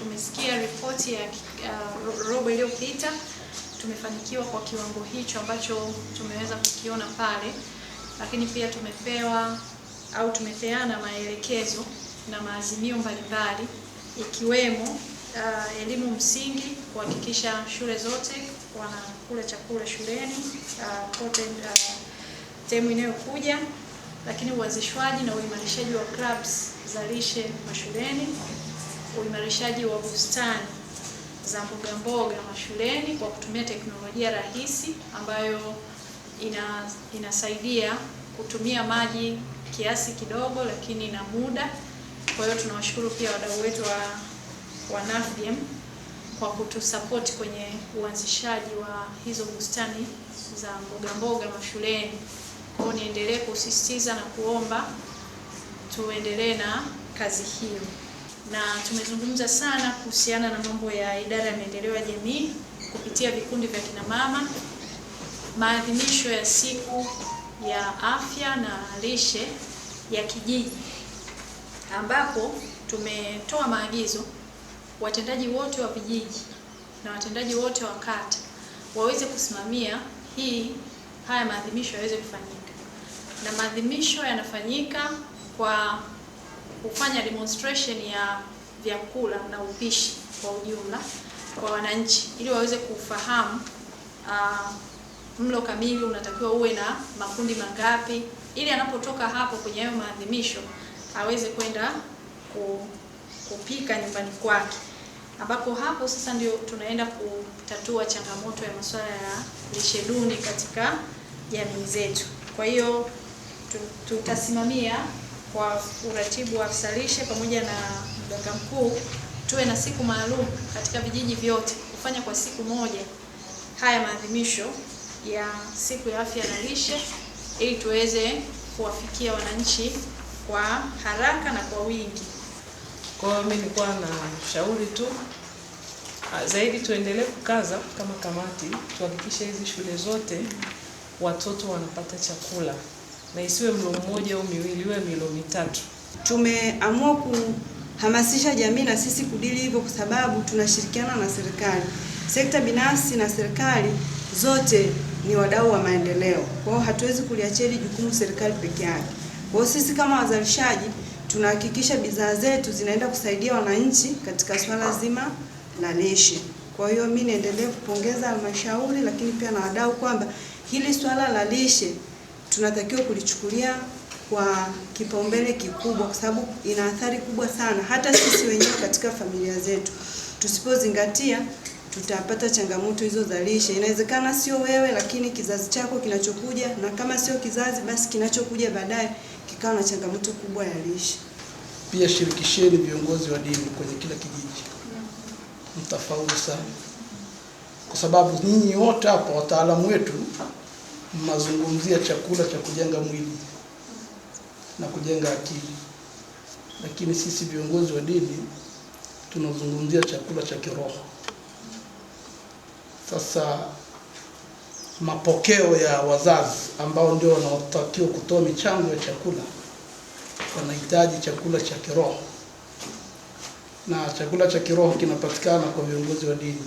Tumesikia ripoti ya uh, robo iliyopita, tumefanikiwa kwa kiwango hicho ambacho tumeweza kukiona pale, lakini pia tumepewa au tumepeana maelekezo na maazimio mbalimbali ikiwemo uh, elimu msingi kuhakikisha shule zote wanakula chakula shuleni uh, kote uh, temu inayokuja, lakini uanzishwaji na uimarishaji wa clubs za lishe mashuleni uimarishaji wa bustani za mboga mboga mashuleni kwa kutumia teknolojia rahisi ambayo ina, inasaidia kutumia maji kiasi kidogo lakini na muda. Kwa hiyo tunawashukuru pia wadau wetu wa, wa kwa kutusapoti kwenye uanzishaji wa hizo bustani za mboga mboga mashuleni. Kwa hiyo niendelee kusisitiza na kuomba tuendelee na kazi hiyo na tumezungumza sana kuhusiana na mambo ya idara ya maendeleo ya jamii kupitia vikundi vya kinamama, maadhimisho ya siku ya afya na lishe ya kijiji, ambapo tumetoa maagizo watendaji wote wa vijiji na watendaji wote wa kata waweze kusimamia hii haya maadhimisho yaweze kufanyika, na maadhimisho yanafanyika kwa kufanya demonstration ya vyakula na upishi kwa ujumla kwa wananchi ili waweze kufahamu uh, mlo kamili unatakiwa uwe na makundi mangapi, ili anapotoka hapo kwenye hayo maadhimisho aweze kwenda kupika nyumbani kwake, ambapo hapo sasa ndio tunaenda kutatua changamoto ya masuala ya lishe duni katika jamii zetu. Kwa hiyo tutasimamia kwa uratibu wa afisa lishe pamoja na mganga mkuu, tuwe na siku maalum katika vijiji vyote kufanya kwa siku moja haya maadhimisho ya siku ya afya na lishe, ili tuweze kuwafikia wananchi kwa haraka na kwa wingi. Kwa hiyo mimi nilikuwa na shauri tu ah, zaidi, tuendelee kukaza kama kamati, tuhakikishe hizi shule zote watoto wanapata chakula na isiwe mlo mmoja au miwili, iwe milo mitatu. Tumeamua kuhamasisha jamii na sisi kudili hivyo, kwa sababu tunashirikiana na serikali, sekta binafsi na serikali zote ni wadau wa maendeleo. Kwa hiyo hatuwezi kuliachia hili jukumu serikali peke yake. Kwa hiyo sisi kama wazalishaji tunahakikisha bidhaa zetu zinaenda kusaidia wananchi katika swala zima la lishe. Kwa hiyo mimi niendelee kupongeza halmashauri, lakini pia na wadau kwamba hili swala la lishe tunatakiwa kulichukulia kwa kipaumbele kikubwa, kwa sababu ina athari kubwa sana hata sisi wenyewe katika familia zetu. Tusipozingatia tutapata changamoto hizo za lishe. Inawezekana sio wewe, lakini kizazi chako kinachokuja, na kama sio kizazi, basi kinachokuja baadaye kikawa na changamoto kubwa ya lishe. Pia shirikisheni viongozi wa dini kwenye kila kijiji, mtafaulu sana, kwa sababu nyinyi wote hapa wataalamu wetu mazungumzia chakula cha kujenga mwili na kujenga akili, lakini sisi viongozi wa dini tunazungumzia chakula cha kiroho. Sasa mapokeo ya wazazi ambao ndio wanaotakiwa kutoa michango ya chakula wanahitaji chakula cha kiroho, na chakula cha kiroho kinapatikana kwa viongozi wa dini.